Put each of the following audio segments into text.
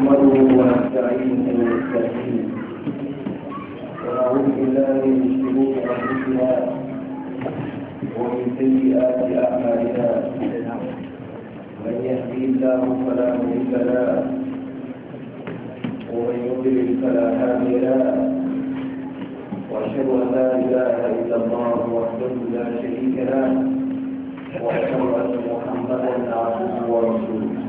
نحمده ونستعينه ونستهديه ونعوذ بالله من شرور انفسنا ومن سيئات اعمالنا من يهدي الله فلا مضل له ومن يضلل فلا هادي له واشهد ان لا اله الا الله وحده لا شريك له واشهد ان محمدا عبده ورسوله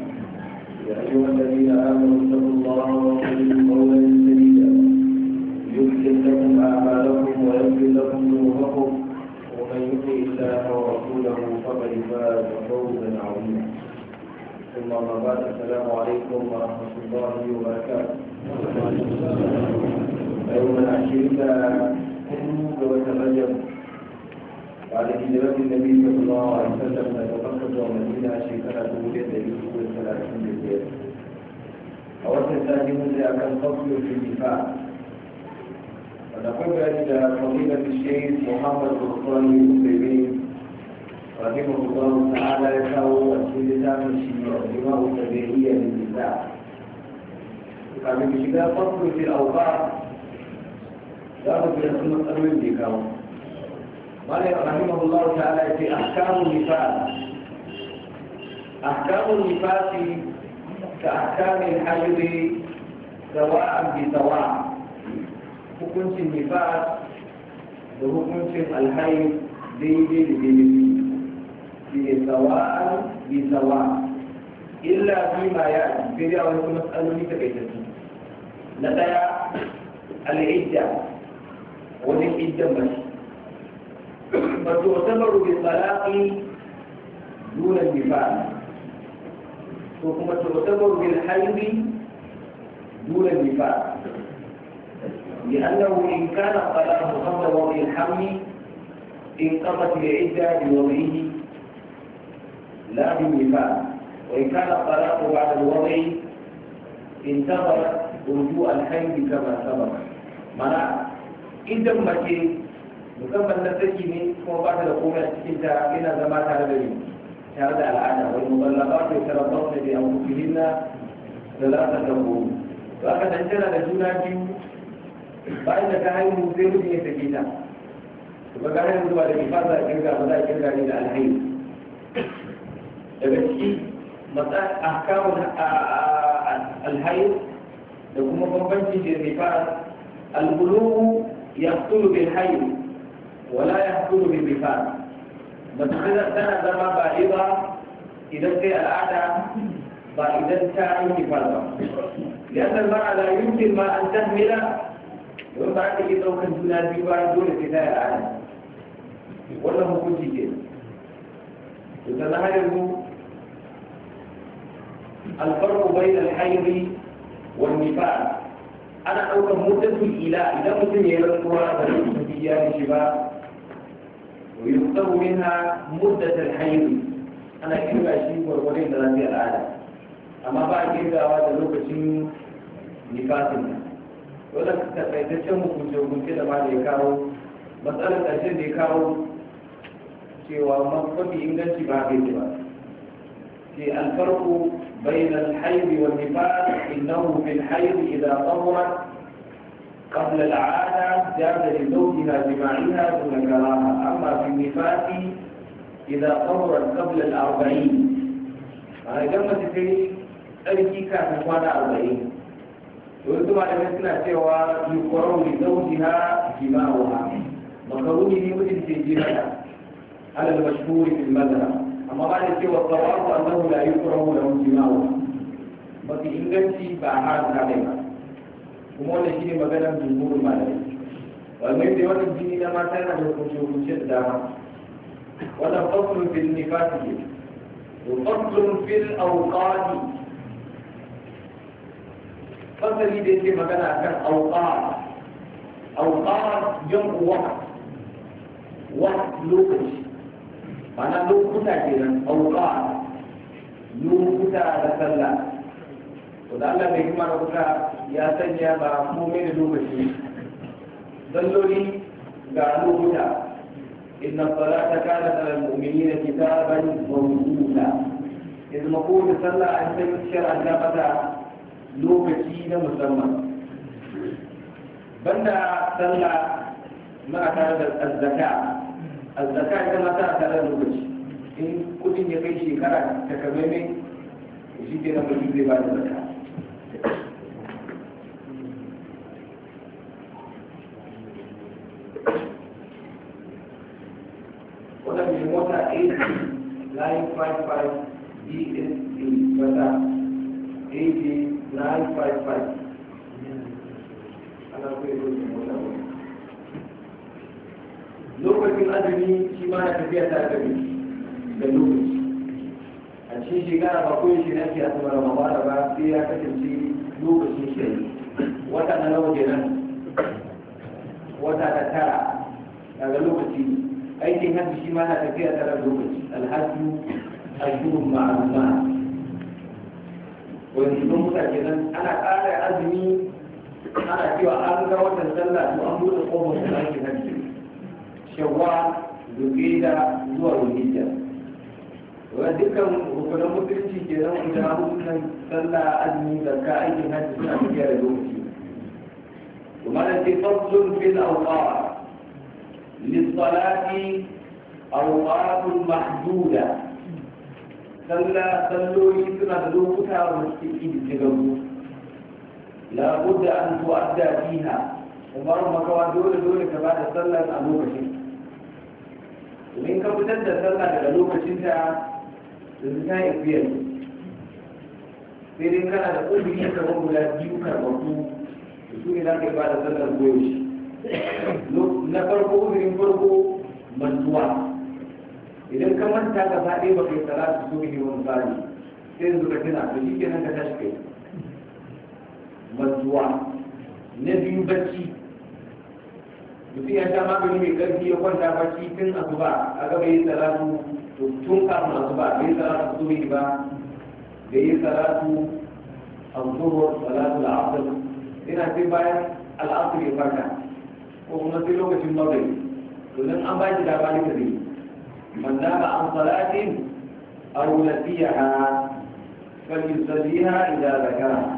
يا أيها الذين آمنوا اتقوا الله وقولوا قولا سديدا يغفر لكم أعمالكم ويغفر لكم ذنوبكم ومن يطع الله ورسوله فقد فاز عظيما ثم ما بعد السلام عليكم ورحمة الله وبركاته أيها العشرين كل وترجموا بعد هجرة النبي صلى الله عليه وسلم تتفقد ومدينة شكرا تولد يوسف الثلاثين بالبيت أولا ثاني مدى كان فصل في الدفاع ونقل إلى فضيلة الشيخ محمد الصالح المسلمين رحمه الله تعالى يشاء أسئلة من الشيوع الدماء التبعية للنساء كان بشكل فصل في الأوقات لا بد أن نقل بكم قال رحمه الله تعالى في أحكام النفاق أحكام النفاق كأحكام الحجر سواء بسواء حكم النفاق وحكم الحيض ديدي بديدي في سواء بسواء إلا فيما يأتي يعني. في دعوة مسألة تبيتتي لدي العدة وذي العدة مشي فتعتبر بالطلاق دون النفاق ثم تعتبر بالحيض دون النفاق لأنه إن كان الطلاق قبل وضع الحمل انقضت العدة بوضعه لا بالنفاق وإن كان الطلاق بعد الوضع انتظر رجوع الحيض كما سبق مرات إذا ما musamman na saki ne kuma ba ta da komai a cikin ta yana zama tare da ni tare da al'ada wani muballaba ta yi tarabbar da bi an kusurin na da za ta tabo to aka dan tana da juna biyu bayan da ta haihu sai mutum ya sake ta to ba ga haihu ba da ke fasa a kirga ba za a kirga ne da alhaihu daga ciki matsa ahkamun alhaihu da kuma bambanci da nifas al-bulugu yaqtulu bil hayy ولا يحصل باللسان متخذت سنة زما بعيدة إذا كان الأعداء إذا تعلم فرضا لأن المرأة لا يمكن ما أن تهمل ويبقى عندك إذا كنت هنا في بعض دون ابتداء العالم ولا هو كنت كده الفرق بين الحيض والنفاق أنا أقول مدة الإله إذا مسلم يلقوا هذا الإنسان في ويبتغ منها مدة الحيض أنا كيف أشيء ورغلين دلالي العالم أما بعد كيف أعاد لوكشين نفاتنا ولا تتفيدتش مكوشي وكنت كده بعد يكاو مسألة أشياء يكاو سوى مكتب إنجلش بعد يكاو في الفرق بين الحيض والنفاق إنه في الحيض إذا طهرت قبل العادة جاز لزوجها جماعها دون كراهة أما في النفاق إذا طورت قبل الأربعين أنا جمعت في أركي كان وانا أربعين ويقول على مثل سوى يقرر لزوجها جماعها مكروني لمدن في جماعها على المشهور في المذهب أما بعد سوى الطواف أنه لا يكره له جماعها وفي إنجلتي فأحاد عليها kuma wanda shi ne maganar jumhurin malamai walmai da wani jini na mata yana da hukunce-hukunce da dama wannan fasulun fil nifasi ne fasulun fil auqati fasali da yake magana a kan auqat auqat yan uwa wa lokaci ma'ana lokuta ke nan auqat lokuta da sallah to da Allah bai kuma rubuta ya sanya ba kuma da lokaci dalloli ga lokuta inna salata kana ala mu'minina kitaban mawquta idan mako da sallah an sai shar an da fata lokaci na musamman banda sallah ma ka da azzaka azzaka ita ma ta da lokaci in kudin ya kai shekara ta kamaimai shi ke na mutum zai ba da zakka 8 DSA bata lokacin azumi shi ma na tafiya ta gari da lokaci a cikin shekara ba ko shi na ke a tsara ba ba sai ya kasance lokacin shi wata na nawa kenan wata ta tara daga lokaci ne النفي شيء ما لا تكيئة للجمع الهدي أجوب مع الماء وإنهم سجدا أنا قال أزمي أنا كيو أرضا وتنزل مؤمن القوم السلام في هدي شوال زكيدة نور الهجة وذكر وكل مدرسي كيرا وإنهم سنسل أزمي ذكاء هدي سأجي لجمع وما الذي فصل في الأوقات للصلاة أوقات محدودة صلى صلوا يسنا دلوكتا ومستقيم تجمو لا بد أن تؤدى فيها ما مكوا دول دول كما تصلى الأمور شيء ومن كم تبدا صلى أبوك شيء لذلك يبين sai dai kana da ƙungiyar kamar guda biyu karɓarku su ne za ka yi ba من sallar koyaushe na idan ka manta ka zaɓe ba kai salatu su bihi wani tsari sai yanzu ka tuna to shi kenan ka tashi kai mazuwa na biyu bacci mutum ya sha magani mai ƙarfi ya kwanta bacci tun zuba a gaba yi salatu to tun kafin zuba bai yi salatu su bihi ba da yi salatu a zuhur tsara su asr ina sai bayan al ya farka ko kuma sai lokacin magani to nan an ba shi dama ne ka zai من نام عن صلاة أو نسيها فليصليها إذا ذكرها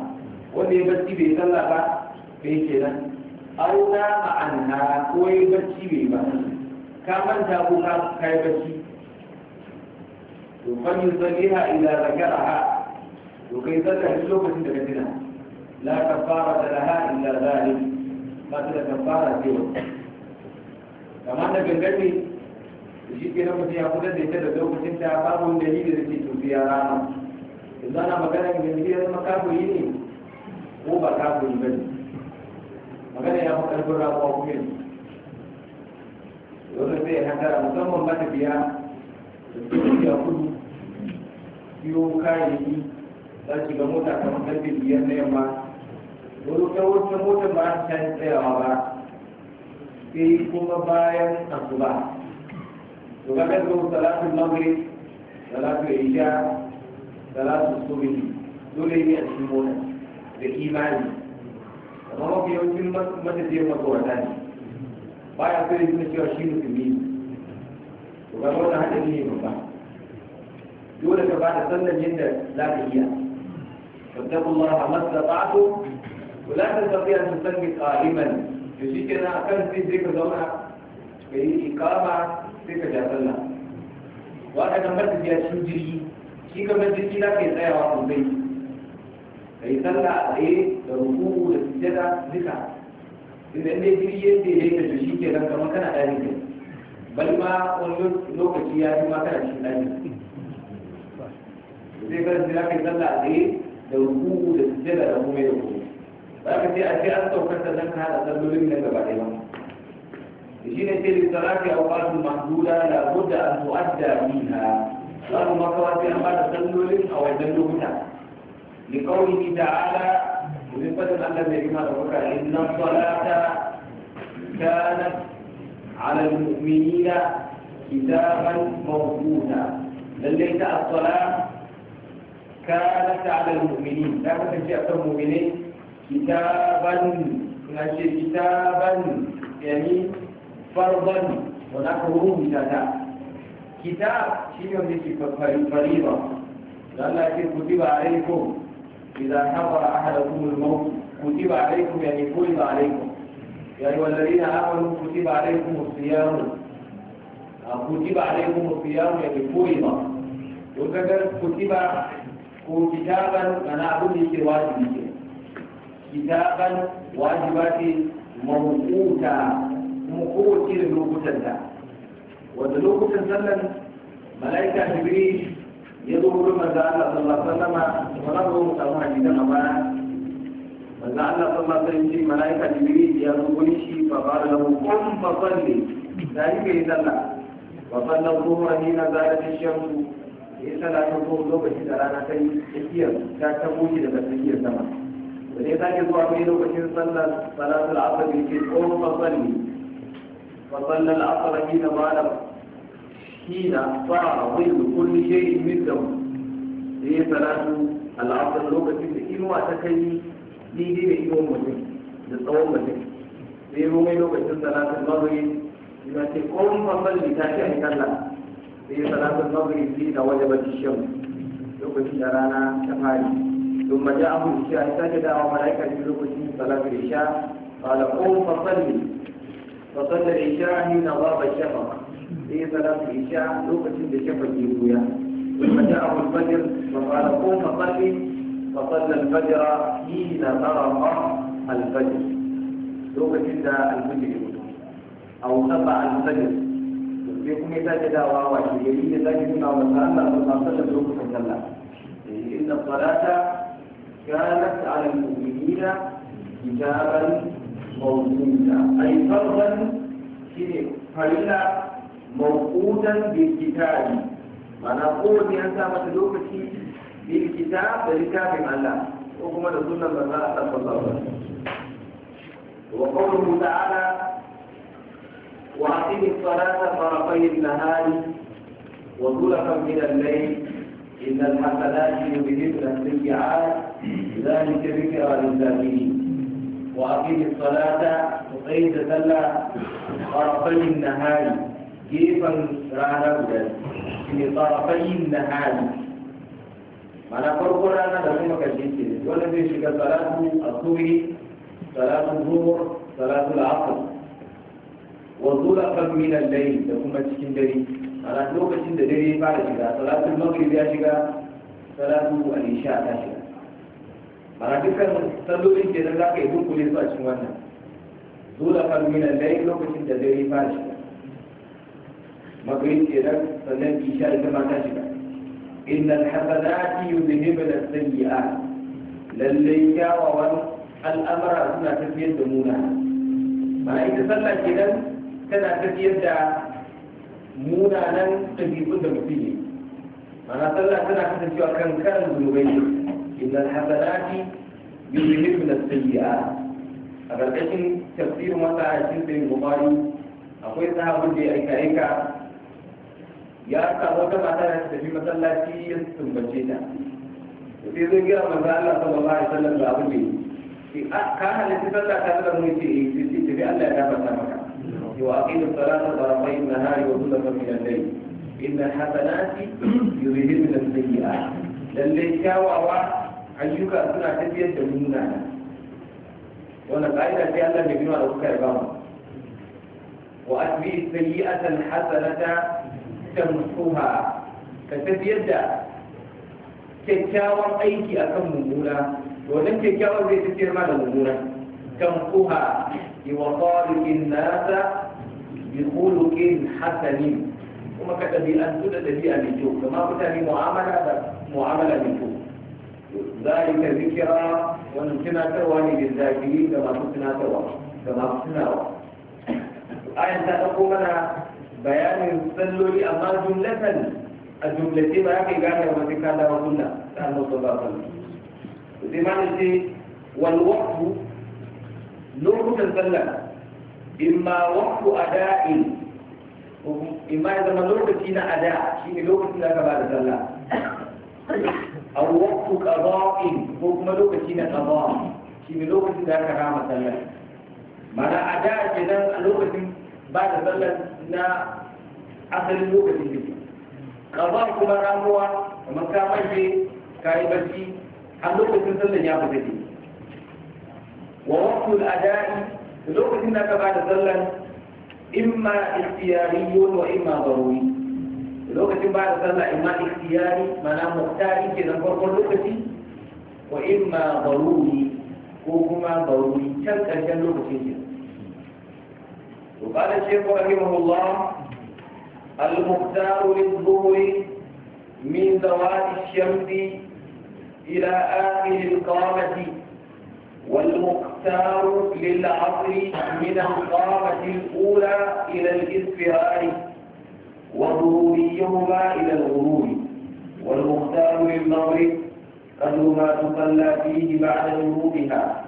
واللي بس بي صلاها في كذا أو نام عنها كوي بس بي كما أنت تابوها كاي بس فليصليها إذا ذكرها وكيف تحسوا بس انت كده لا كفارة لها إلا ذلك ما تلا كفارة كمان تبين shi ke nan mutum ya kula da ita da lokacin da babu wanda yi da ke tufi ya rana yanzu ana magana da yanzu ya zama kafiri ne ko ba kafiri ba ne magana ya fi karfin ramuwa kuma ne wanda zai hatara musamman matafiya da suke a kudu siyo kayayyaki za su ga mota kamar karfe biyar na yamma wani kawancin motar ba ta tsayawa ba sai kuma bayan asuba وكذب ثلاث المغرب ثلاث العشاء ثلاث الصبح دولي يأتمون بإيمان وما في يوم في المسجد يوم القرآن باي أفريد من الشيوشين في المين وقالوا لها تجيه مبا دولة بعد سنة جندة لا تهيا فابتقوا الله ما استطعتوا ولا تستطيع أن تسمي قائما يجيكنا أكثر في ذكر دولة في إقامة sai ka ja na wata kan bar tafiya cikin jirgi shi kamar jirgi za tsayawa a kan sosai ka yi tsalla a tsaye da rukuku da sujjada duka idan ya jirgi ya yi ta shi ke nan kamar kana ɗari ne bari ma wani lokaci ya fi mata shi cikin ɗari sai ka ji za ka yi a tsaye da rukuku da sujjada da kuma da kuma ba ka ce a ce an saukar da zan kada tsallolin nan gaba ɗaya ba الجنة للتراكي أوقات محدودة لابد أن تؤدى منها له مكوات بعد تنول أو بها لقوله تعالى ومن فضل أن الذين ربك إن الصلاة كانت على المؤمنين كتابا موجودا بل ليس الصلاة كانت على المؤمنين لا بد أن تأتي المؤمنين كتابا كتابا يعني فرضا ونحوه من ذلك كتاب شيء من فريضة لأن كتب عليكم إذا حضر أحدكم الموت كتب عليكم يعني فرض عليكم يا أيها الذين آمنوا كتب عليكم الصيام آه، كتب عليكم الصيام يعني فرض وكذا كتب كتابا أنا أقول لك واجبك كتابا واجبات موقوتا mu kowace irin lokutan ta wanda lokutan sannan malaika jibril ya zo wurin manzo Allah sallallahu alaihi wasallam wala ko mu samu hadisan a baya manzo Allah sallallahu alaihi wasallam malaika jibril ya zo wurin shi fa qala lahu qum fa salli dai kai sallah fa salla ni na zalat ash-shams ya salla ta ko lokaci da rana ta yi tsakiyar ta ta goge daga tsakiyar sama da ne sake zuwa mai lokacin sallar salatul asr ke qum fa salli وصلى العصر حين ظلم حين صار ظل كل شيء مثله هي صلاة العصر لوكا تلك إنوى تكني دي دي إنوى مسلم للطوام مسلم في رومي لوكا صلاة المغرب لما تقوم فصلي تاشي أن كلا في صلاة المغرب حين وجبت الشمس لوكا تلانا شفاري ثم جاءه الإشاء سجد وملائكة لوكا صلاة الإشاء قال قوم فصلي فقد العشاء حين غاب الشفق في سلام العشاء لوقت الشفق يبويا ثم جاءه الفجر فقال قوم فصلي فصلى الفجر حين طرق الفجر لوقت الفجر أو طبع الفجر يقول يكون يتجد واوى شيئين يتجد ما مثلا فصلى لوقت الصلاة إن الصلاة كانت على المؤمنين كتابا موجودا أي فرضا فإلا موقودا بالكتاب وأنا أقول ونقول أنت مسلوك بالكتاب بالكتاب مع الله وكما رسول الله صلى الله عليه وسلم وقوله تعالى وأقم الصلاة طرفي النهار وزلفا من الليل إن الحسنات يذهبن السيئات ذلك ذكرى للذاكرين وأقيم الصلاة وقيد صلى طرفي النهار gefen rana guda ne tsarafayin na hali mana farko rana da kuma kashe ke wanda zai shiga salatu asuri salatu zuhur salatu la'asar wa zula kan minan dai da kuma cikin dare mana lokacin da dare fara shiga salatu maghrib ya shiga salatu al-isha ta shiga mana dukkan sallolin ke nan za ka yi dunkule su a cikin wannan zula farminan dai lokacin da dare fara shiga magrib ke nan sannan isha ita ma ta shiga inna alhasanati yudhhibna as-sayyi'at lallai kyawawan al'amara suna tafiyar da muna a ita sallah ke nan tana tafiyar da munanan ɗabi'un da mutum ne mana sallah tana kasancewa kan karin zunubai ne إلا الحسنات يذهبن السيئات أبرقين تفسير متى جلد البخاري أقول لها لي أيك أيك يا تقول كما ترى في مثل لا شيء تنبجينا وفي ذكر مثال الله صلى الله عليه وسلم لابد لي في أكاها التي تتلع كذلك المنشي في في أن لا يتابع سمكا يواقين الصلاة ضربي النهار وظلم من الليل إن الحسنات يريد من السيئات للي كاوى واحد ayyuka suna tafiyar da munana wannan ƙa'ida sai Allah mai girma da kuka ya bamu wa asbi sayyi'atan hasanata tamsuha ka tafiyar da kyakkyawan aiki akan mummuna wannan kyakkyawan zai tafiyar ma da mummuna tamsuha wa qaliqin nasa bi khuluqin hasanin kuma ka ɗabi'antu da ɗabi'a mai kyau kuma mutane mu'amala da mu'amala mai kyau ذلك ذكرى ومن تناتوا للذاكرين كما تتنا توا كما تتنا توا آية تقول لنا بيان الصلولي أما جملة الجملة ما يكي قال يوم ذكر الله وسنة سألنا صلى الله عليه وسلم والوقت نور تنسلم إما وقت أداء إما إذا ما نور تكين أداء شيء نور لك بعد سلام aw waqtu qada'in ko kuma lokaci na qada shi ne lokacin da aka rama sallar mana a da kenan a lokacin ba da sallar na asalin lokacin da qada kuma ramuwa kamar ka mace ka yi barci a lokacin sallar ya fita ne wa waqtu al-ada'i lokacin da ka ba da sallar imma ikhtiyariyun wa imma daruri لوكتي بعد صلى إما اختياري ما منا مختاري كذا نقول لوكتي وإما ضروري وهما ضروري كم كان لوكتي وقال الشيخ رحمه الله المختار للظهر من ذوات الشمس إلى آخر القامة والمختار للعصر من القامة الأولى إلى الإصفهاري وضروريهما إلى الغروب والمختار للمغرب قدر ما تصلى فيه بعد غروبها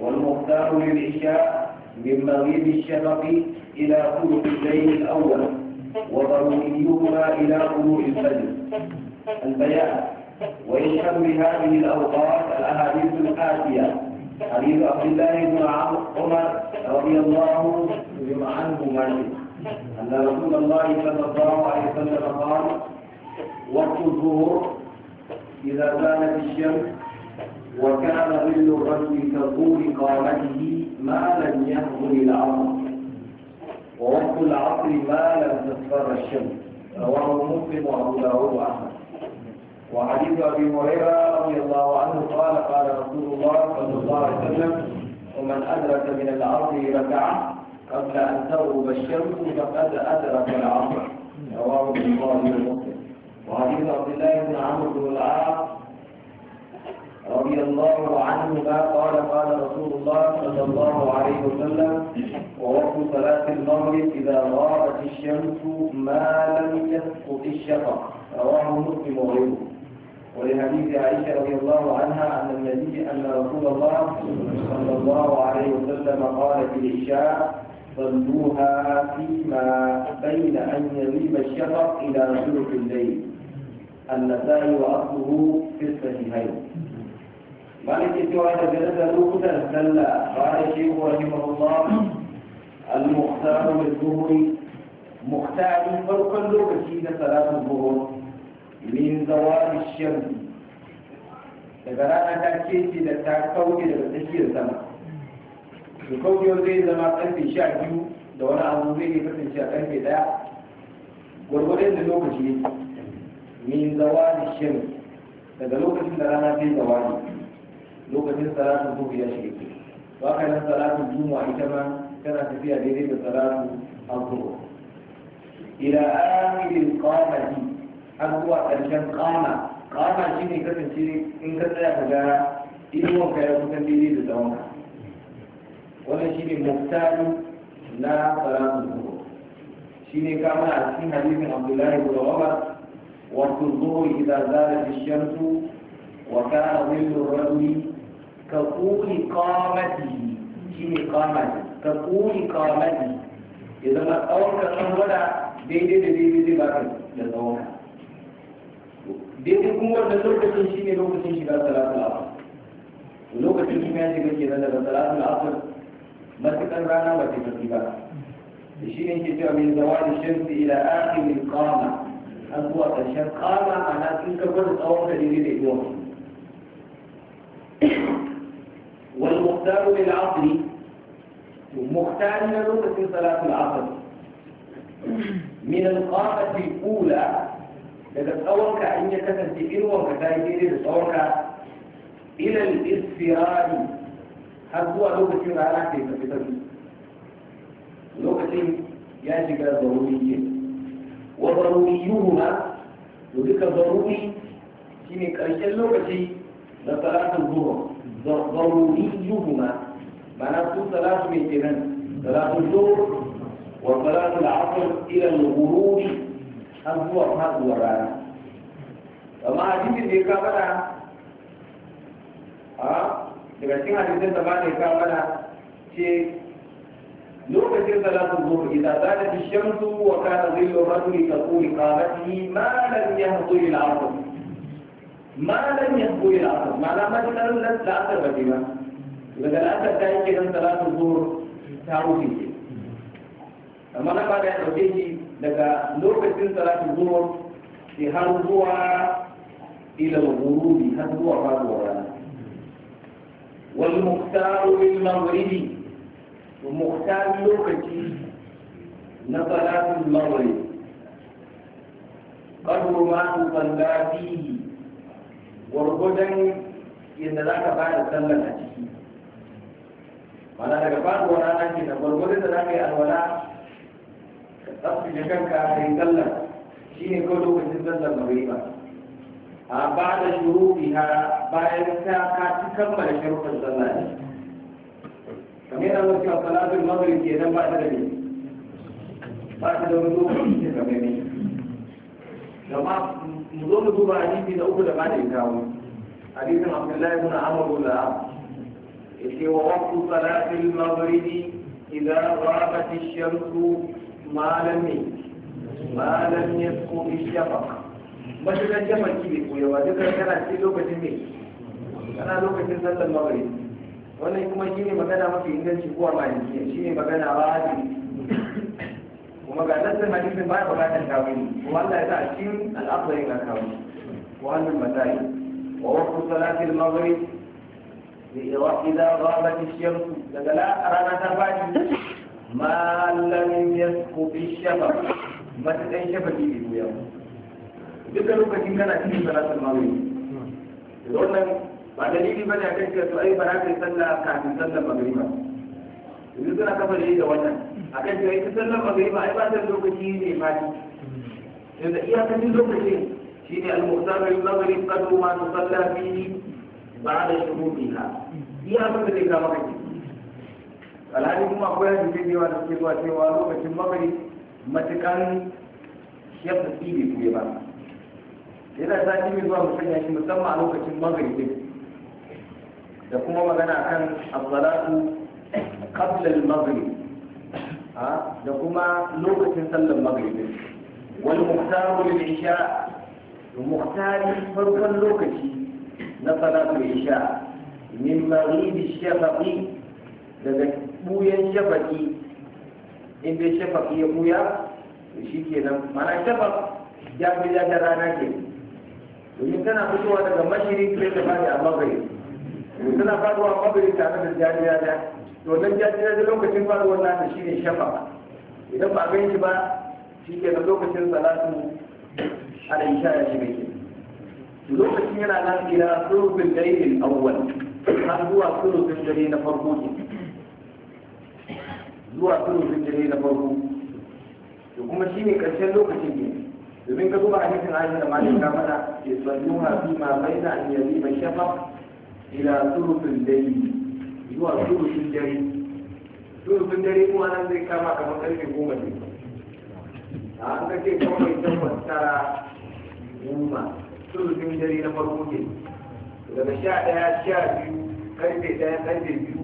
والمختار للعشاء من مغيب الشفق إلى ثلث الليل الأول وضروريهما إلى طلوع الفجر البيان ويشهد بهذه الأوقات الأحاديث الآتية حديث عبد الله بن عمر رضي الله عنهما أن رسول الله صلى الله عليه وسلم قال وقت الظهور إذا زالت الشمس وكان ظل الرجل كطول قامته ما لم يهضم العصر ووقت العصر ما لم تصفر الشمس رواه مسلم وابو داود واحمد وحديث ابي هريره رضي الله عنه قال قال رسول الله صلى الله عليه وسلم ومن ادرك من العصر ركعه قبل أن تغرب الشمس فقد أدرك العصر رواه البخاري ومسلم وحديث عبد الله بن عمرو بن العاص رضي الله عنهما قال قال رسول الله صلى الله عليه وسلم ووقت صلاة المغرب إذا غابت الشمس ما لم يسقط الشفق رواه مسلم وغيره ولحديث عائشة رضي الله عنها أن النبي أن رسول الله صلى الله عليه وسلم قال في العشاء صلوها فيما بين أن يغيب الشفق إلى ثلث الليل النسائي وأصله في الصحيحين مالك سوى جلسة لوكتا سلا قال الشيخ رحمه الله المختار للظهر مختار فوق اللوكتي صلاة الظهر من زوال الشمس إذا rana ta إذا ce da ta mikogiyo zai zama karfe sha biyu da wani abu zai yi kasance a karfe daya gwargwadon da lokaci ne min zawali shin daga lokacin da rana zai yi zawali lokacin salatun zuhu ya shiga ke ba ka nan salatun juma'a ita ma tana tafiya daidai da salatun alkuwa ila amirin kwanaki har zuwa ƙarshen kwana kwana shi ne kasance in ka tsaya ka gara inuwanka ya kusan daidai da tsawonka wannan shi ne mutane na salatu zuhur shi ne kama a cikin hadisin abdullahi ibn umar وقت الظهر إذا زالت الشمس ka ظل الرجل shi ne شيء ka كقول قامته إذا ka أول كلام ولا daidai da daidai zai baka da tsawon daidai kuma wanda lokacin shi ne lokacin shiga salatul asr lokacin kuma ya shiga nan daga salatul asr مسكن رانا وفي مسكن الشيء ينتفع من زوال الشمس إلى آخر القامة أقوى الشمس قامة على تلك كل قوم تجريد إدوان والمختار للعصر مختار لنوبة في صلاة العصر من القامة الأولى إذا تصورك أن يكتن تفير وكتائي إلى الإصفرار har zuwa lokacin rana ke tafi tafi lokacin ya shiga zaruri ke wa zaruriyuhuma to duka zaruri shine karshen lokaci na salatul zuhur zaruriyuhuma ma'ana su salatu mai kenan salatul zuhur wa salatul asr ila al-ghurub har zuwa faduwar rana amma hadisin da ya ka faɗa a لوكثير ثلاث إذا زادت الشمس وكان ظل الرجل تقول قامته ما لم يهضل العرض ما لم يهضل العرض ما لم يهضل العرض لا أثر بديما إذا لا أثر تأيك إذن ثلاث ظهور تعوه إيه فما لم يهضل العرض إذا لوكثير ثلاث ظهور تهضوها إلى الغروب هدوها هدوها والمختار للمغرب ومختار لوكتي نفلات المغرب قدر ما تصلى فيه gwargwadon yadda za ka bada sallar a ciki mana daga faruwar rana ke da gwargwadon da za ka yi alwala ka tsaftace kanka shi ne kawai lokacin ba. a ba da shuruɗiha bayan ta ka ci kammala sharuɗin sallah ne kamar yadda wasu yau salatul maghrib ke nan ba ta da ne ba ta da wani lokaci da kamar ne gama mu zo mu duba hadisi da uku da ba da kawo hadisin abdullahi ibn amr da yace wa waqtu salatul maghrib idza ghabat ash-shamsu ma lam ma lam yasqu ash-shafaq matukan jama'a ki bai koya ba duka kana ce lokacin ne kana lokacin sallar maghrib wannan kuma shi ne magana mafi inganci ko a malikiya shi ne magana ba haɗi kuma ga nassin hadisin ba ya bukatar ne kuma Allah ya sa a cikin al'amarin na kawuni ko hannun matsayi wa wasu salatin maghrib إذا غابت الشمس لا أرانا تفادي ما لم يسقط الشفق ما تتأي شفقي بيبو يوم duka lokacin kana cikin salatul maghrib wannan ba dalili bane a kan cewa ai ba za ka yi sallah kafin sallar magriba yanzu suna kafa da da wannan akan kan cewa ita sallar magriba ai ba ta lokaci ne ba fadi yanzu iyakacin shi ne al-muqtar al-maghrib qadru ma tusalla fi ba'da shuruqiha iya abin da ka ga maka ke alhali kuma akwai hadisi da da suke zuwa cewa lokacin maghrib matukan ya fi tsibi ba yana sati mai zuwa musanya shi musamman a lokacin magharibi da kuma magana kan as-salatu qabla al-maghrib da kuma lokacin sallar wani wal sha lil isha yi farkon lokaci na salatu isha min maghribi shafaqi daga buyan shafaqi inda shafaqi ya buya shi kenan mana shafaq ya bi da rana kenan domin tana fitowa daga mashiri ke ta fari a magari tana faruwa mabari tare da jajira da to nan jajira da lokacin faruwar nata ne shafa idan ba gan shi ba shi ke da lokacin salatu da isha ya shiga ke lokacin yana nan ila surubin dalilin awwal har zuwa surufin dare na farko ne zuwa surufin dare na farko to kuma ne karshen lokacin ne domin ka a hadisin ayi da malik ka mana ke sannuha fi ma baina an yazi ba shafa ila surutun dare zuwa surutun dai surutun dare kuma nan zai kama kamar karfe goma ne a an ka ce kawai tabbas tara goma surutun dare na farko ne daga sha ɗaya sha biyu karfe ɗaya karfe biyu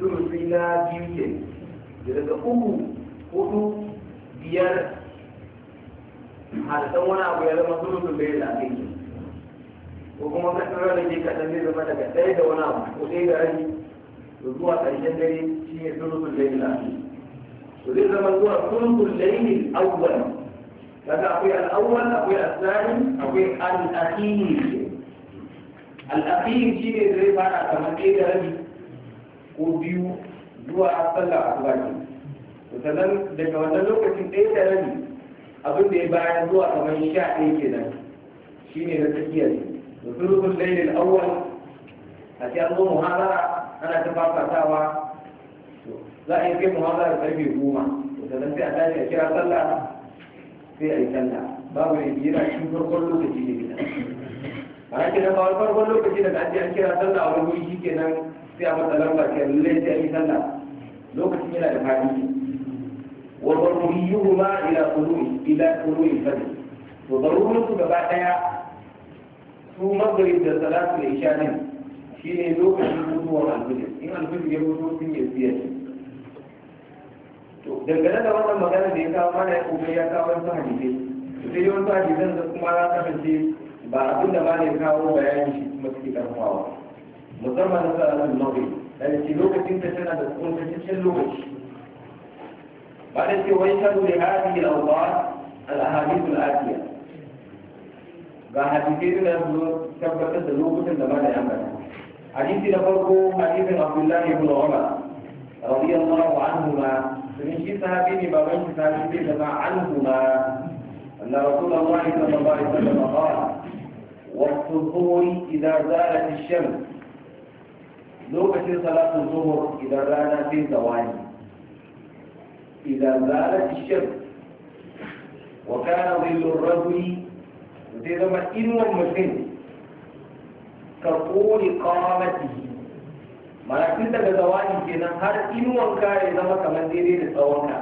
surutun na biyu ne daga uku hudu biyar a da wani abu ya zama sulutun da ya zaɓe ki ko kuma kasar da ke kaɗan zai zama daga ɗaya da wani abu ko ɗaya da rabi to zuwa ƙarshen dare shi ne sulutun da ya zaɓe to zai zama zuwa sulutun laili awwal kaga akwai al'awwal akwai al-thani akwai al-akhir al-akhir shi ne zai fara kamar ɗaya da rabi ko biyu zuwa sallar asuba ke to sannan daga wannan lokacin ɗaya da rabi abin da ya bayan zuwa kamar sha ɗaya kenan ne na tsakiyar da sulhul lailil awwal a sai an zo muhazara ana ta fafatawa za a yi kai muhazara karfe goma sannan sai a tashi a kira sallah sai a yi sallah babu ne yana cikin farkon lokaci ne gida a rake na bawar farkon lokaci daga an an kira sallah a wani wuri kenan sai a matsalar ba ke lallai sai a yi sallah lokacin yana da fahimci وضروريهما إلى طلوع إلى طلوع الفجر وضرورته كبعدها su magrib da salatu da isha din lokacin mutuwar alfijir in dangane da wannan magana da ya kawo ya kuma ya kawo wasu sai wasu hadisan da kuma ba abin da ma ne kawo bayani shi kuma suke karfawa musamman na da lokacin ta tana da kuntataccen lokaci قالت ويشهد لهذه الأوقات الأحاديث الآتية فحديثين لازم تبقى تدلوك تندمان يعمل حديث لفرقه حديث عبد الله بن عمر رضي الله عنهما من شيء صحابي بابين صحابي لما عنهما أن رسول الله صلى الله عليه وسلم قال وقت الظهر إذا زالت الشمس لوكة صلاة الظهر إذا رانا في زوال إذا زالت الشمس وكان ظل الرجل zai zama inuwar mutum ka kone kawamatihi mana tun daga zawani kenan har inuwar ka ya zama kamar daidai da tsawon ka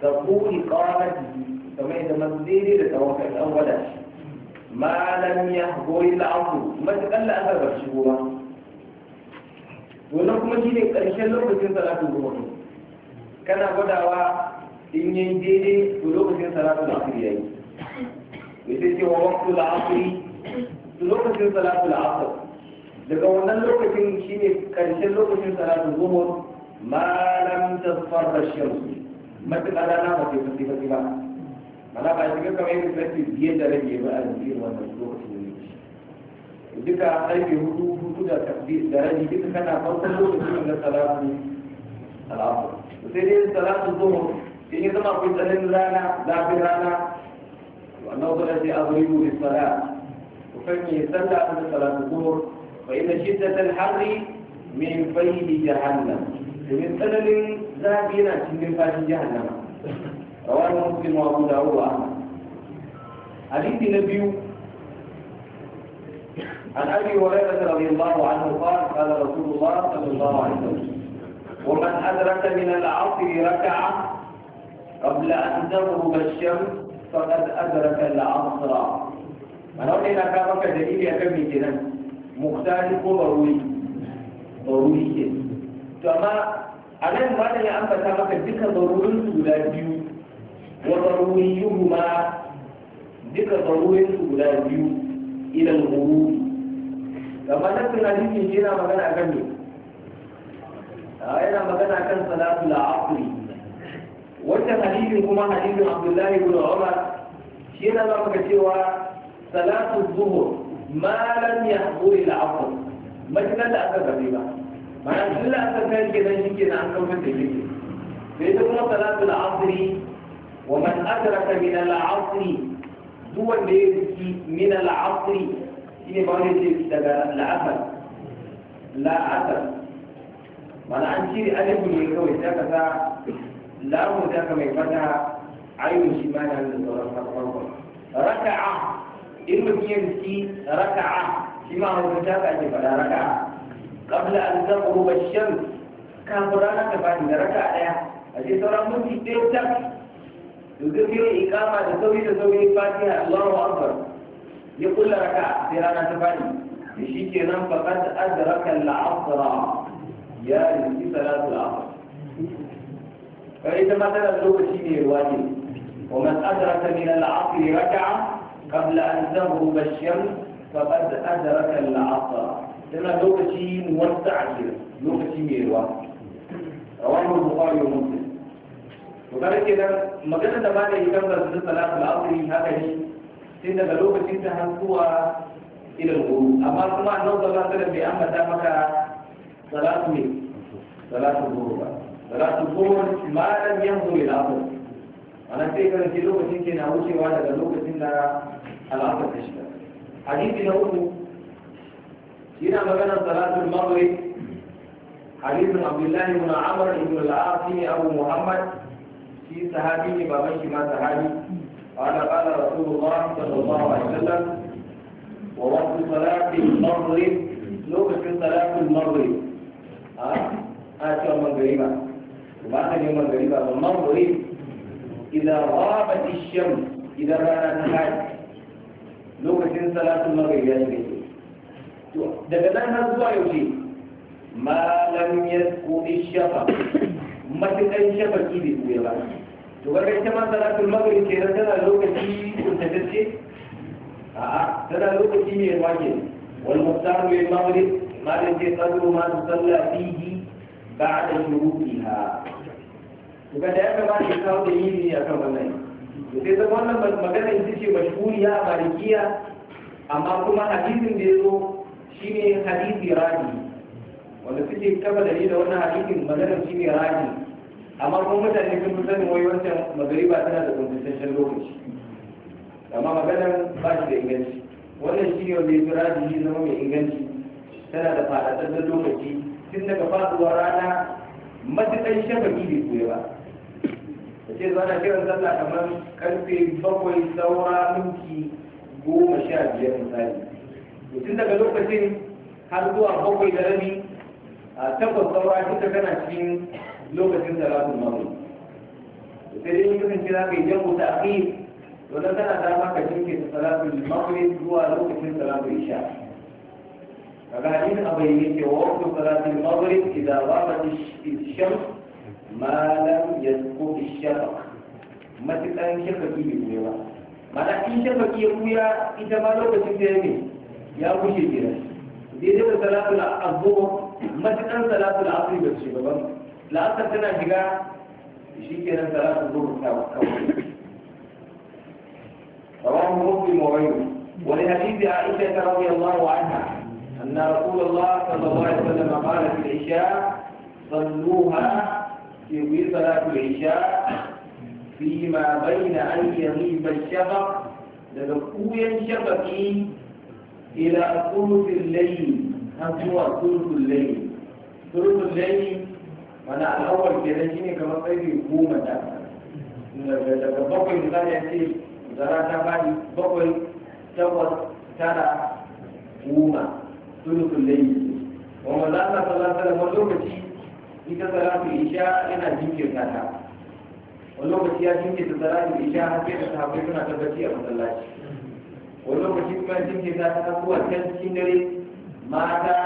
ka kone kawamatihi kamar ya zama daidai da tsawon ka ɗan gwada shi malam ya goyi la'asar goma kuma ƙarshen lokacin kana gwadawa in yi daidai to lokacin salatu la'asr yayi ya sai cewa waqtu la'asr to lokacin salatu da la'asr daga wannan lokacin shine karshen lokacin salatu zuhur ma lam tasfarra shams matuƙa rana ba ta fasi fasi ba mana ba shiga kamar yadda sarki biyar da rage ba a jikin wannan lokacin ne duka ƙarfe hudu hudu da da rage duka kana farkon lokacin na salatu al'asr سيدنا سلام الظهر إني ثم قلت لنا لنا لا في لنا والنوض الذي أضرب بالصلاة وفني سلع من سلام الظهر فإن شدة الحر من فيه جهنم ومن سلل زابنا من فيه جهنم رواه مسلم وابو داود حديث النبي عن ابي هريره رضي الله عنه قال قال رسول الله صلى الله عليه وسلم ومن أدرك من العصر ركعة قبل أن تغرب الشمس فقد أدرك العصر من أولي نكابك دليل يا كمي كنا مختلف ضروري ضروري كنا أنا ما لي أنت كابك ذيك ضروري ولا ديو وضروريهما ذيك ضروري ولا ديو إلى الغروب فما نكنا ذيك جينا مغانا كمي yana magana kan salatu la'afuri wannan hadisin kuma hadisin abdullahi ibn umar shi yana za maka cewa salatu zuhur ma lam yahduri la'afur matakan da aka gabe ba ma'ana duk da aka kai ke shi kenan an kawo da shi sai ta kuma salatu la'afuri wa man adraka min al-'asri duk wanda ya riski min al-'asri shine ba wanda ya daga la'asar la'asar mana an cire alifin ne kawai ta ka sa lamu ta ka mai fata ainihin shi ma na da sauran farkon raka'a in mutum ya riski raka'a shi ma hausa ta ka ake faɗa raka'a kabla an zama rubar shan kafin rana ta bani da raka'a ɗaya a ce sauran mutum minti ɗaya ta yanzu sai ya ikama da sauri da sauri a allahu akbar ya kulla raka'a sai rana ta bani da shi kenan faƙar da adraka al'asra يا yi salatu al فإذا مثلا لوك شيء الواجب ومن أدرك من العصر ركعة قبل أن تغرب الشمس فقد أدرك العصر لما لوك شيء موسع لوك شيء الواجب رواه البخاري ومسلم وكان كده مجال ده بعد يكمل في صلاة العصر هذا شيء سنة لوك شيء تهزوها إلى الغروب أما كما أنه صلى الله عليه بأمة ثلاث مين ثلاث الظهر ثلاث الظهر ما لم ينظر العصر أنا كيف في لغة كنا أوشي وأنا لغة كنا العصر تشتغل حديث نقول هنا بين صلاة المغرب حديث عبد الله بن عمر بن العاصي أبو محمد في صحابي بابنش ما صحابي قال قال رسول الله صلى الله عليه وسلم ووقت صلاة المغرب لغة صلاة المغرب a cewa mangariba ba ka ne mangariba ba mangari idan raba isham idan rana ta lokacin salatun magari ya shiga to daga nan har zuwa yaushe ma lam yasku ishafa matakan shafaki bai koya ba to ga ita ma salatul maghrib ke nan tana lokaci kuntatacce a'a tana lokaci wake wal muqtar bil ما لنجي يقدر ما تصلى فيه بعد شروطها وكذا يبقى ما يكاو دليل أكام الله sai zama wannan magana ita ce mashhuriya a malikiya amma kuma hadisin da ya zo shine hadisi radi wanda suke kafa ni da wannan hadisin maganar shine radi amma kuma mutane sun fi sanin wai wancan ba tana da kuntataccen lokaci amma maganar ba shi da inganci wannan shi ne wanda ya zama mai inganci tana da faɗaɗar na lokaci tun daga faɗuwar rana matuƙan shafaki bai koya ba a ce zuwa na kiran zalla kamar karfe bakwai saura minti goma sha biyar misali tun daga lokacin har zuwa bakwai da rami a takwas saura duka kana cikin lokacin salatun da sai dai in kasance za yi jan wuta a kai to nan tana dama ka jinkin salatun mawai zuwa lokacin salatun isha فبعدين أضيمك وقت صلاة المغرب إذا غابت الشمس ما لم يسقط الشفق ما تتعين شفقي بالنسبة ما تحكي شفقي يا أخويا إذا ما لو بتكتب يا أبو شكرا دي صلاة الظهر ما تتعين صلاة العصر بس شبابا لا تتعين حقا شكرا صلاة الظهر كاوة رواه مسلم وغيره ولحديث عائشة رضي الله عنها أن رسول الله صلى الله عليه وسلم قال في العشاء صلوها في صلاة العشاء فيما بين أن يغيب الشفق لبقوا شفقي إلى ثلث الليل هل هو ثلث الليل ثلث الليل mana al'awar kenan shine kamar karfe goma ta daga bakwai misali ya ce zara ta bani bakwai takwas tara goma sulukul layli wa za Allah sallallahu alaihi wasallam lokaci ita salatu isha yana jinkirta ta wani lokaci ya jinkirta salatu isha har sai da sahabbai suna tabbaci a masallaci wani lokaci kuma jinkirta ta zuwa can cikin dare mata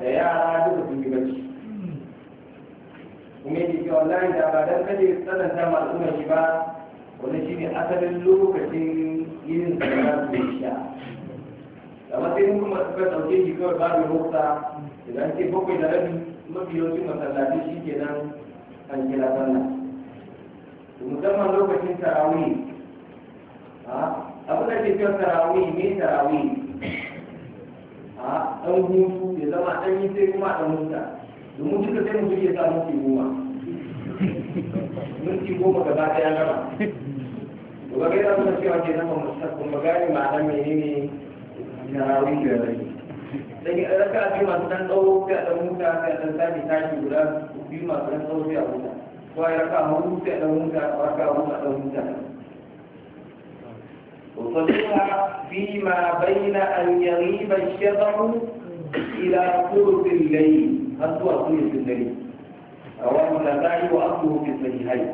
da yara duka sun yi bacci kuma yake cewa wallahi da ba dan kaje tsananta ma al'umma shi ba wani shine asalin lokacin yin salatu isha amma sai mun kuma suka dauke shi kawai babu rukta idan sai bakwai da rabi mafi yawancin masallaci shi ke nan an kira sallah musamman lokacin tarawih abin da ke cewa tarawih ne tarawih a ɗan hutu ya zama ɗan yi sai kuma ɗan huta domin duka sai mutum ya sa minti goma minti goma gaba ɗaya gaba to gaida suna cewa ke nan ba mu gane menene na wuri da rai sai raka a biyu masu ɗan tsawo sai a ɗan huta sai a ɗan sake tashi guda biyu masu ɗan tsawo sai a huta ko a raka a hutu sai a ɗan huta a raka a hutu a ɗan huta وصليها فيما بين أن يغيب الشفع إلى قرب الليل أسوأ قرب الليل رواه النسائي وأصله في الصحيحين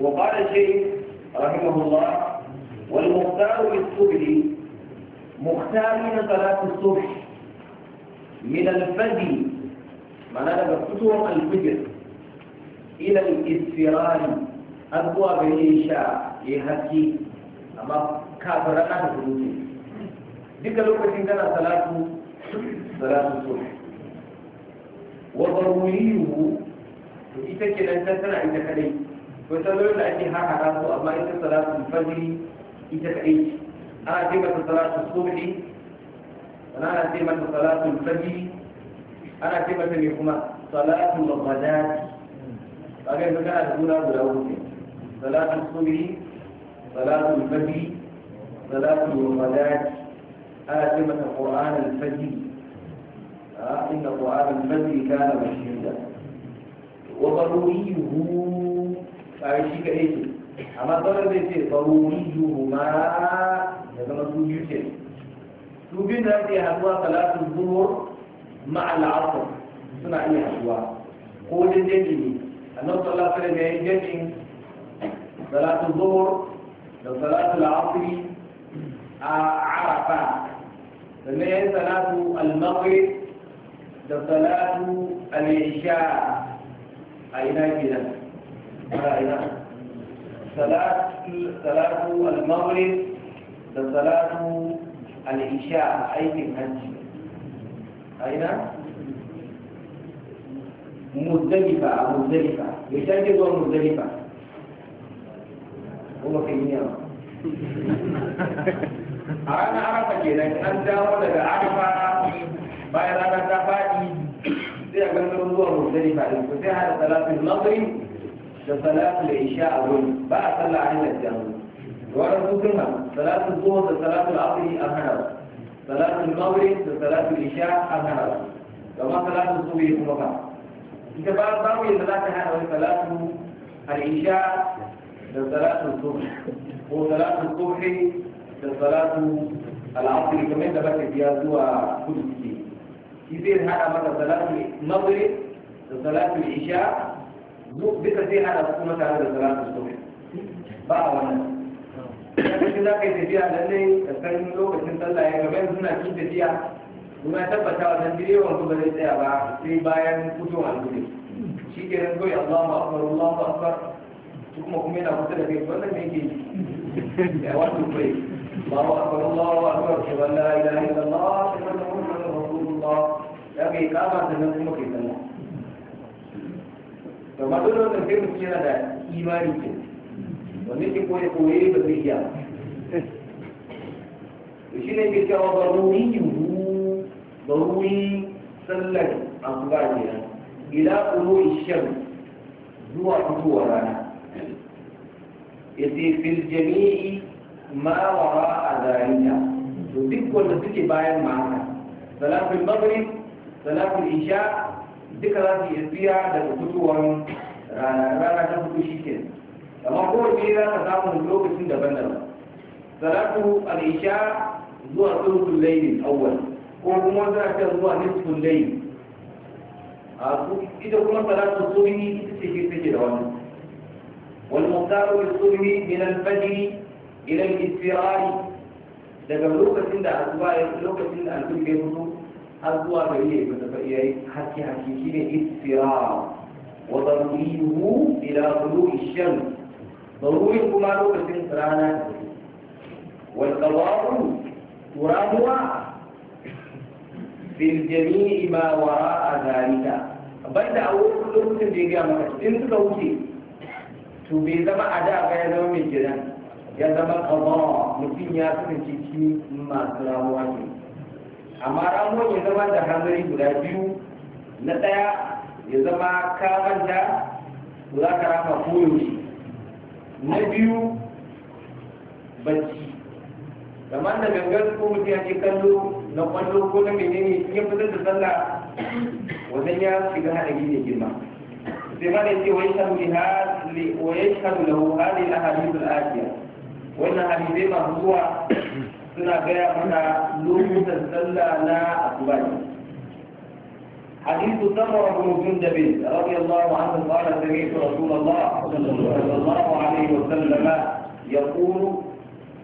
وقال الشيخ رحمه الله والمختار للسبل مختارين صلاة الصبح من الفجر mana daga fitowar alfijir ila isfirari har zuwa ga yin sha ya haske amma kafin rana ta fito ne duka lokacin kana salatu salatu so wa barwiyuhu to ita ke nan tana ita kadai to ta da ake haka amma ita salatu fajiri ita أنا صلاة الصبح أنا أتيمة صلاة الفجر أنا أتيمة يكما صلاة الغداء أجل فكان الأولى بالأول صلاة الصبح صلاة الفجر صلاة الغداء أنا القرآن الفجر آه، إن القرآن الفجر كان مشهدا وضروريه أعيشك إيه أما ضرر بيته ضروريهما ya zama su biyu ke su biyu da ke haduwa salatu zuhur ma'al asr suna iya haduwa ko da jeji ne annabi sallallahu alaihi wasallam ya yi jejin salatu zuhur da salatu al-asr a arafa sannan ya yi salatu al-maghrib da salatu al-isha a ina kenan a ina salatu al-maghrib da salatu alisha a aikin hajji a ina muzdalifa a muzdalifa ya shaƙe zuwa muzdalifa kuma kai yi yawa a ranar arafa kenan an dawo daga arafa bayan ranar ta faɗi sai a gangar zuwa muzdalifa ɗin ku sai hada salatul maghrib da salatul isha a wuri ba a sallah a hanyar jami'a وأنا أذكرها صلاة الظهر وصلاة العصر أهنا صلاة المغرب وصلاة العشاء أهنا وما صلاة الصبح كما إذا بعد ضرب صلاة صلاة العشاء صلاة الصبح وصلاة الصبح صلاة العصر كمان تبقى فيها سوى كل شيء يصير هذا مثلا صلاة المغرب صلاة العشاء بتصير هذا مثلا صلاة الصبح بقى وانا yanzu za ka yi tafiya lallai tsakanin lokacin sallah ya gaba yanzu suna cin tafiya kuma ya tabbata wannan direban kuma zai tsaya ba sai bayan shi ke nan kawai kuma kuma yana kusa da kai wannan ya wato kai shi shi kuma kuma kuma ya kama kuma kai to kai mutum yana da imani kenan domin ki koyi koyi ba zai iya to shi ne ke cewa ba ruwi yuhu ba ruwi sallar asuba kenan ila qulu'i shams zuwa fitowar rana yace fil jami'i ma wara a zalika to duk wanda suke bayan ma haka salatul maghrib salatul isha duka za su iya tsira daga fitowar rana rana ta fito shi kenan amma kowace za ka samu lokacin daban-daban salatu al-isha zuwa sulhul layl awwal ko kuma za ta zuwa nisful layl a su ita kuma salatu subhi ita ce ke take da wannan wal muqtaru lis-subhi min al-fajr ila al-istirar daga lokacin da asuba ya lokacin da alfil ya fito har zuwa gari ya fita fa yayi haske haske shine istirar wa darbihu ila tulu'i shams ضروري كما لو كنت رانا والقضاء ترابها في الجميع ما وراء ذلك بل أول كل كنت جيجا أمك to bai zama a da ba ya zama mai gida ya zama kabawa mutum ya cikin masu ramuwa ne amma ramuwa ya zama da hanzari guda biyu na ɗaya ya zama kamanta za ka koyaushe na biyu bacci kamar da gangan ko mutum ya ke kallo na kwallo ko na ne ya fitar da sallah wajen ya shiga haɗari da girma sai ma da ce wai shan li wai shanu lahu hadi ahadithul ajiya wannan hadisai masu zuwa suna gaya mana lokutan sallah na asuba ne حديث سمر بن جندب رضي الله عنه قال سمعت رسول الله صلى الله عليه وسلم يقول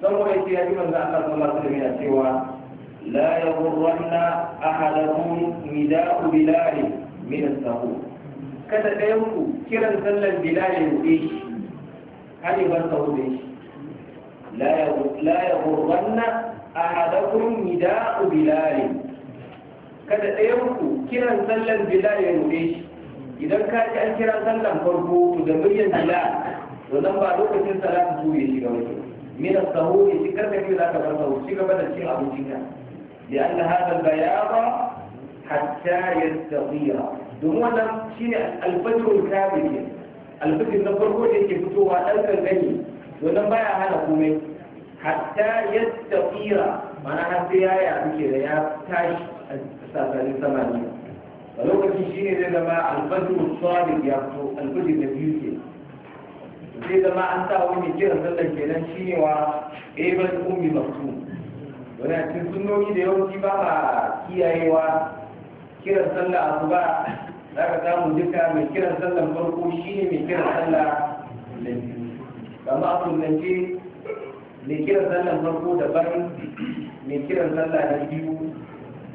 سمعت يا ابن الله صلى الله عليه وسلم لا يضرن احدكم نداء بلال من السهول كذا تيوكو كذا سلم بلال ايش هل يبان سهول ايش لا يضرن احدكم نداء بلال kada ɗayan ku kiran sallan bila ya nune shi idan ka ji an kira sallan farko to da muryan bila to nan ba lokacin salatu su ya shiga wani min as-sahur ya shiga da kira ka bar sahur shiga ba cin abincin ka li anna hadha al-bayaba hatta yastaghira domin wannan shine al-fajr al-kamil al-fajr na farko da yake fitowa dan kan gani to nan baya hana komai hatta yastaghira mana har sai ya ya da ya tashi safarin samaniya a lokacin shi ne zai zama alfajir sadiq ya fito alfajir da biyu ke zai zama an sa wani kiran sallar kenan shi ne wa ebal ummi maktum wani a cikin sunnoki da yawanci ba ma kiyayewa kiran sallah abu ba za ka samu duka mai kiran sallan farko shi ne mai kiran sallah na biyu amma a mai kiran sallan farko da bari mai kiran sallah na biyu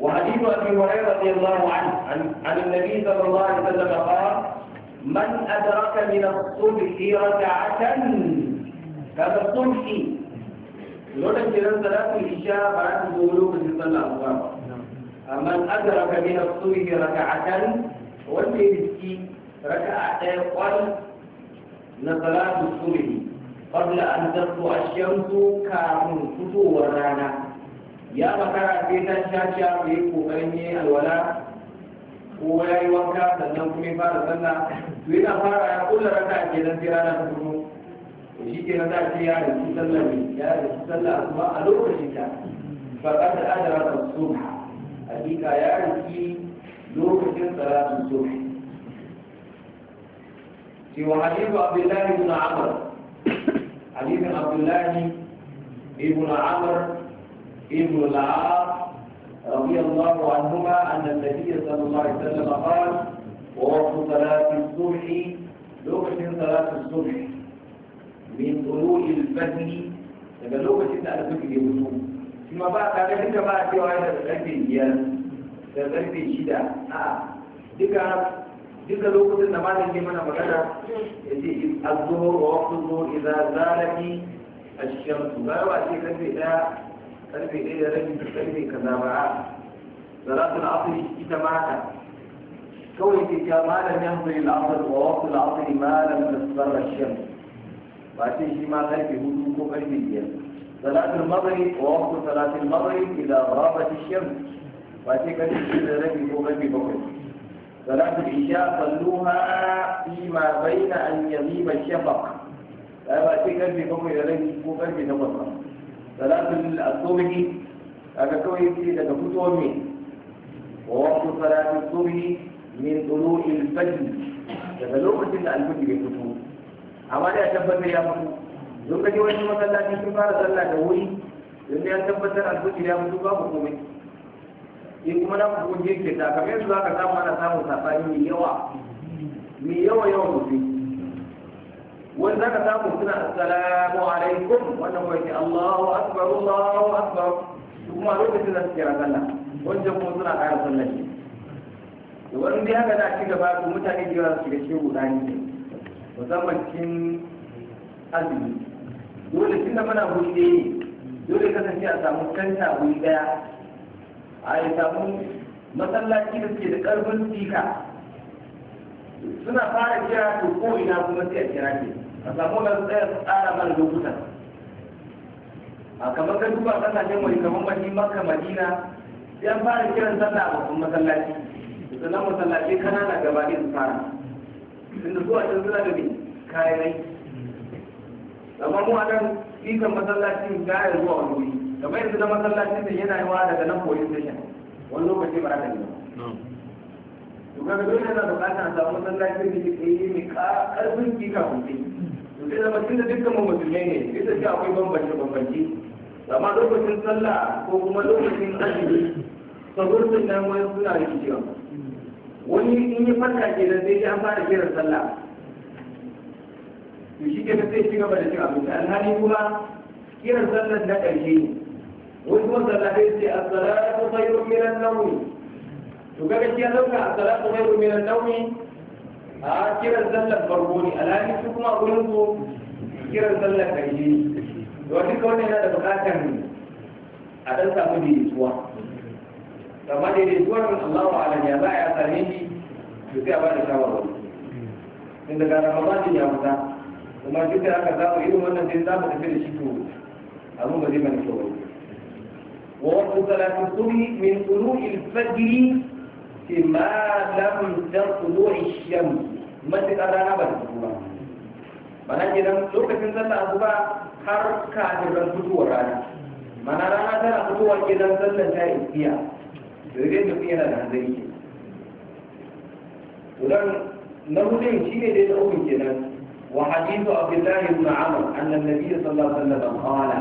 وحديث أبي هريرة رضي الله عنه عن, عن النبي صلى الله عليه وسلم قال من أدرك من الصبح ركعة هذا الصبح لولا كده صلاة العشاء بعد الغروب اللي صلى الله من أدرك من الصبح ركعة wanda ya riski raka'a ɗaya kwal na salatu subhi qabla an tatu ash-shamsu kafin fitowar rana ya makara sai ta shaciya da yi kokarin yi alwala ko ya yi wanka sannan kuma ya fara sallah to yana fara ya kulla raka ke nan sai rana ta fito to shi ke nan ce ya rufu sallah ne ya rufu sallah kuma a lokacin ta ba ka da adara ta A hakika ya rufi lokacin salatu subha cewa hadithu abdullahi ibn amr abdullahi ibn amr ابن العاص رضي الله عنهما أن النبي صلى الله عليه وسلم قال ووقت صلاه الصبح لغه صلاه الصبح من طلوع الفجر لما لغه ثلاث الفجر يوم فيما بعد هذا آه، ما في وعيد الغد الديان كذلك الشدة ها ديك ديك لغه النبات اللي منا مغادرة الظهر ووقت الظهر إذا زالت الشمس ما هو أشيء كذلك karfe ɗaya da rabi karfe kaza ba a salatul asr ita ma haka kawai ke ta malam yanzu ila asr wa waqtul asr ma lam tasfarra shams ba ce shi ma karfe hudu ko karfe biyar salatul maghrib wa waqtul salatul maghrib ila ghabat ash-shams ba ce karfe shida da rabi ko karfe bakwai صلاة العشاء صلوها فيما بين أن يغيب الشفق لا تكر في قوم إلى لن يكون في نمطة salatul asubhi kaga kawai yake daga fitowar ne wa waqtu salatul subhi min tulu'il fajr daga lokacin da alfajr ya fito amma da tabbatar ya fito lokacin wani masallaci sun fara sallah da wuri don ya tabbatar alfajr ya fito babu komai in kuma na ku je ke ta kamar yanzu zaka samu ana samun safari mai yawa mai yawa yawa mutum wanda ka samu suna assalamu alaikum wannan kuma yake Allahu akbar Allahu akbar kuma lokacin da suke sallah wajen kuma suna sun sallah ne wani dai haka za a ci gaba su mutane da yawa su shiga cikin ne musamman cikin azumi dole cikin da mana guri ɗaya dole kasance a samu kanta guri daya a yi samu masallaci da suke da karfin sika suna fara kira to ko ina kuma sai a kira ke ka samu na tsaya tsara mana lokutan a kamar ka duba kasashen wani kamar mashi maka madina sai an fara kiran sallah a babban masallaci sannan masallaci kanana gaba ɗaya su fara tunda zuwa can suna da kayan aiki amma mu a nan ikon masallacin gaya zuwa wani wuri kamar yanzu na masallacin da yana yawa daga nan police station wani lokaci ba ta ne to kaga dole yana bukatar a samu masallacin da ke yi mai karfin kika kuma sai zama tunda dukkan mu musulmai ne duk da cewa akwai bambance bambance amma lokacin sallah ko kuma lokacin azumi saburin nan wani suna rikicewa wani in yi farka ke nan sai an fara kiran sallah to shi ke sai ci gaba da cin abinci alhali kuma kiran sallah na ƙarshe ne wani kuma sallah sai sai as-salatu khayrun min an-nawm to kaga shi ya dauka as-salatu khayrun min an a kiran sallar farko ne alhali su kuma wurin su kiran sallar karshe da duka kawai yana da bukatar a dan samu daidaituwa amma da Allahu a'lam ya za a same shi da sai a ba da shawarwari inda ga Ramadan ya fita kuma duk da aka mu irin wannan sai za mu tafi da shi to abin ba zai mana kyau ba wa wasu salatu subhi min tulu'il fajr ce ma lamun dan kudo ishiyam matuƙar rana ba ta ba Bana gidan lokacin sallah abu ba har kafin ran fitowar rana mana rana tana fitowa gidan sallar ta isiya zai da yana da hanzari ke na hudun shi ne dai na ukun kenan wa hadithu abdullahi ibn amr anna nabiy sallallahu alaihi wasallam qala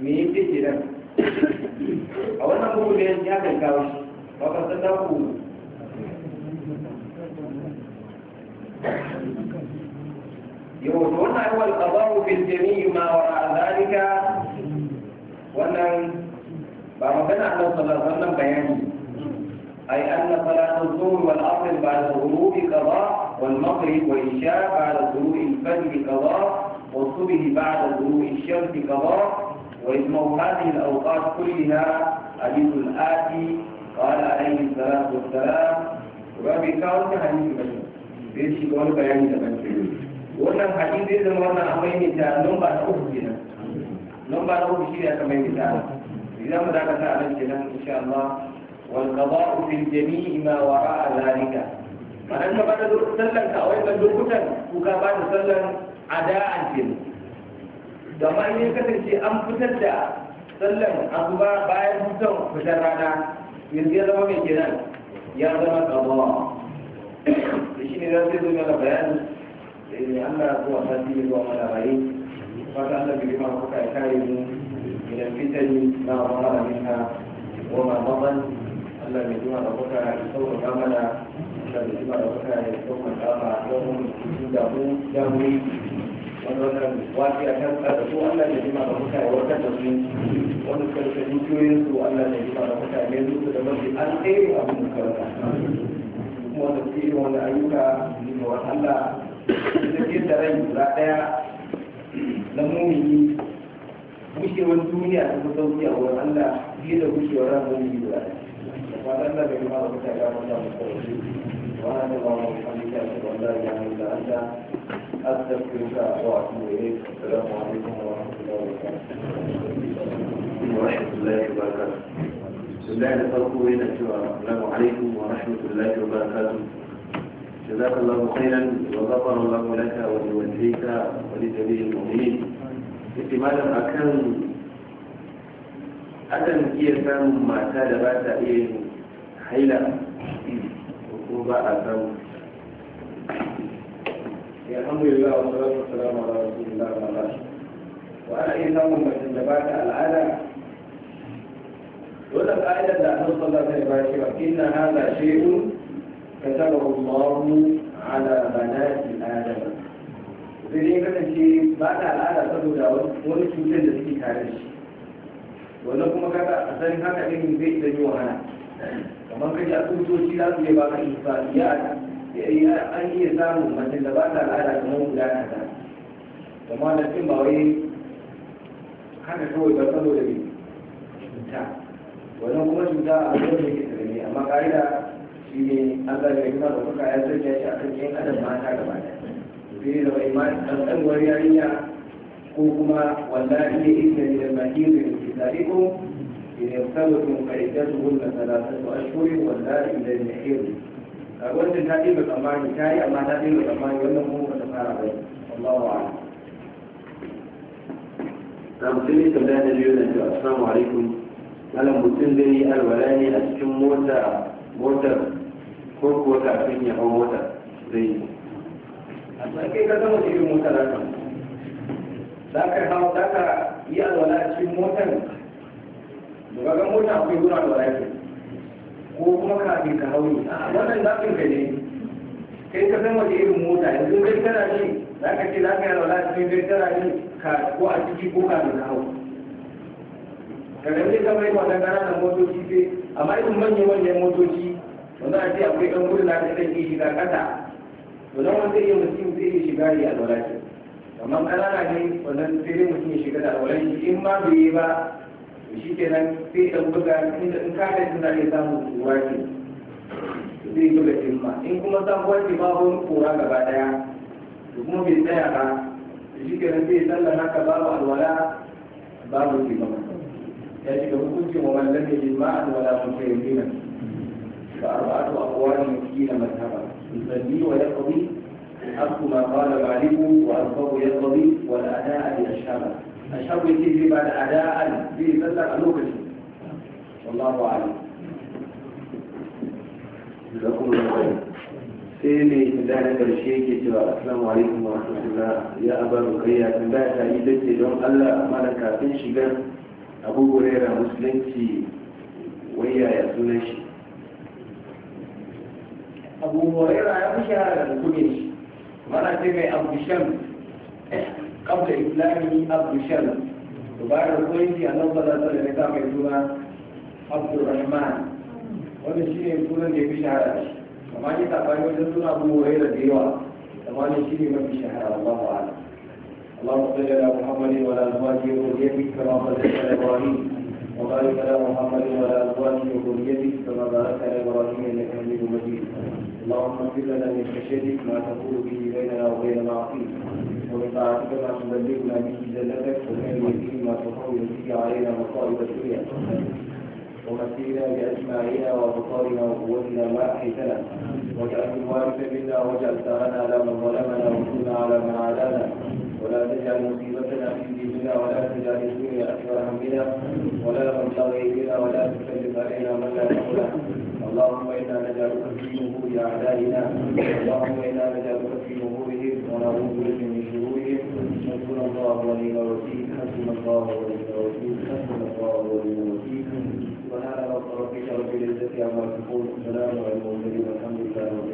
me yake kenan a wannan bugu ya kai فقط تقول يوضعون هو الأضار في الجميع ما وراء ذلك ولن بعضنا على صلاة ظلم بيان أي أن صلاة الظهر والعصر بعد الغروب قضاء والمغرب والإشاء بعد ظهور الفجر قضاء والصبح بعد ظهور الشمس قضاء وإسمه هذه الأوقات كلها حديث الآتي قال عليه الصلاة والسلام rabi kawo ta hadisi ba ne zai ci ga wani bayani da ban wannan hadisi zai zama wannan amai ne ta lamba ta uku kenan lamba ta uku shine aka mai ne ta idan mu zaka sa anan kenan insha Allah wal qada'u fil jami'i ma wara'a zalika madan ka ka a da ma in kasance an fitar da sallan azuba bayan fitan fitar rana yanzu ya zama mai kenan ya zama kamawa da shi ne za su zuwa da bayan da an Allah zuwa sati ne zuwa mana raye fata Allah bi ma kuka ya kare mu idan fitani na wala minka wa ma maban Allah mai zuwa da kuka ya ta mana Allah mai zuwa da kuka ya sauka mana don mu da mu da mu wanda wannan a kan da Allah ya jima su Allah ya jima su karanta kuma ayyuka wata Allah da da ɗaya na gushewar duniya ta fi sauki a wurin Allah biyu da gushewar ran mumini guda ɗaya. Wata Allah ya jima da mutane ya wata mutane. وهذا الله وبحمدك اشهد ان لا اله الا انت السلام عليكم ورحمة الله وبركاته ورحمة الله وبركاته بالله السلام عليكم ورحمة الله وبركاته جزاك الله خيرا وغفر الله لك ولوالديك ولجميع المؤمنين احتمالا أكن أكن iya samun mata da ba ta iya haila ko الحمد لله والصلاة والسلام على رسول الله وعلى وأنا إنه من جبات العالم ولا الآية لا نصل لها إن هذا شيء كتبه الله على بنات آدم sai dai kasance ba ta al'ada saboda wani cutar da suke kare shi wannan kuma kaga a sanin haka ɗin zai iya yi wahala kamar kaji asusoci za su iya baka an iya samun mace da ba ta al'ada kamar guda kaza kuma da cin ba wai haka kawai ba saboda mai cuta wani kuma cuta a wajen da ke tsirrai amma ka'ida shi ne an zaɓe da kuma ɗaukaka ya sanya shi a kan ƴan adam mata gaba ɗaya sai da wai ma ɗanɗanwar yarinya ko kuma wanda ne inda ne da mahiru da ke tsari ko ne ya sabu kun fa'idatu hulɗa salatatu ashuri wallahi da ne hiru wannan ta ɗaya tsammani ta yi amma ta ɗaya tsammani wannan kuma ba ta fara ba Allah wa na mutum ne tambaya na biyu na cewa assalamu alaikum malam mutum zai yi alwala ne a cikin mota motar ko kuwa kafin ya hau motar zai yi a tsakai ka zama cikin motar haka za ka hau za ka yi alwala a cikin motar da ga motar akwai gura alwala ke ko kuma kafin ka rauni wannan zafin ka ne kai ka san wani irin mota yanzu zai tara ne za ka ce za ka yi rauna cikin zai tara ne ko a ciki ko k'a ka hau kadan ne kamar yin wannan ƙananan motoci sai amma irin manya-manyan motoci wanda a ce akwai ɗan gudu na kai ke shiga ƙasa wani wanda iya mutum zai iya shiga a alwala ce amma ƙanana ne wannan sai dai mutum ya shiga da alwala in ma bai yi ba shi ke nan sai ɗan buga inda in ka kai suna iya samun tsuwa ce zai buga himma in kuma sabuwa ce ba wani kora gaba ɗaya to kuma bai tsaya ba shi ke nan sai sallah naka babu alwala babu himma ya shiga hukuncin wa mallan da jima'an wala mun kai himma fa arba'atu aqwalin miskina madhhaba yusalli wa yaqdi حق ما قال مالك وأنصر يقضي والأداء لأشهابه a shabu yake zai ba da ada'an zai sassa a lokacin wallahu ala da kuma sai ne da na karshe yake cewa assalamu alaikum wa rahmatullah ya abaru kayya tun da ta yi dace don Allah amma da kafin shigar Abu Hurairah musulunci waya ya sunan shi Abu Hurairah ya fi shahara da kuma shi mana ce mai Abu Shams قبل إسلامه أبو شل وبعد في أن الله صلى الله عليه وسلم عبد الرحمن ونشيني shi ne sunan وما جيت fi shahara da shi amma ni tsakani wajen suna abu huraira اللهم صل على محمد وعلى ازواجه وذريته كما صليت على ابراهيم وبارك على محمد وعلى ازواجه وذريته كما باركت على ابراهيم انك حميد مجيد اللهم اغفر لنا من خشيتك ما تقول به بيننا وبين معصيتك وبطاعتك ما تبلغنا به جنتك ومن يدين ما تحول به علينا مصائب الدنيا ومسينا بأسماعنا وأبصارنا وقوتنا ما أحيتنا واجعل الوارث منا واجعل ثارنا على من ظلمنا وانصرنا على من عادانا ولا تجعل مصيبتنا في ديننا ولا تجعل الدنيا أكبر همنا ولا مبلغ إلينا ولا تسلط علينا من لا نحونا اللهم إنا نجعلك في نهور أعدائنا اللهم إنا نجعلك في نهورهم ونعوذ بك من شرورهم حسبنا الله ونعم الوكيل حسبنا الله ونعم الوكيل حسبنا الله ونعم الوكيل سبحان ربك رب العزة عما يصفون سلام على المرسلين والحمد لله رب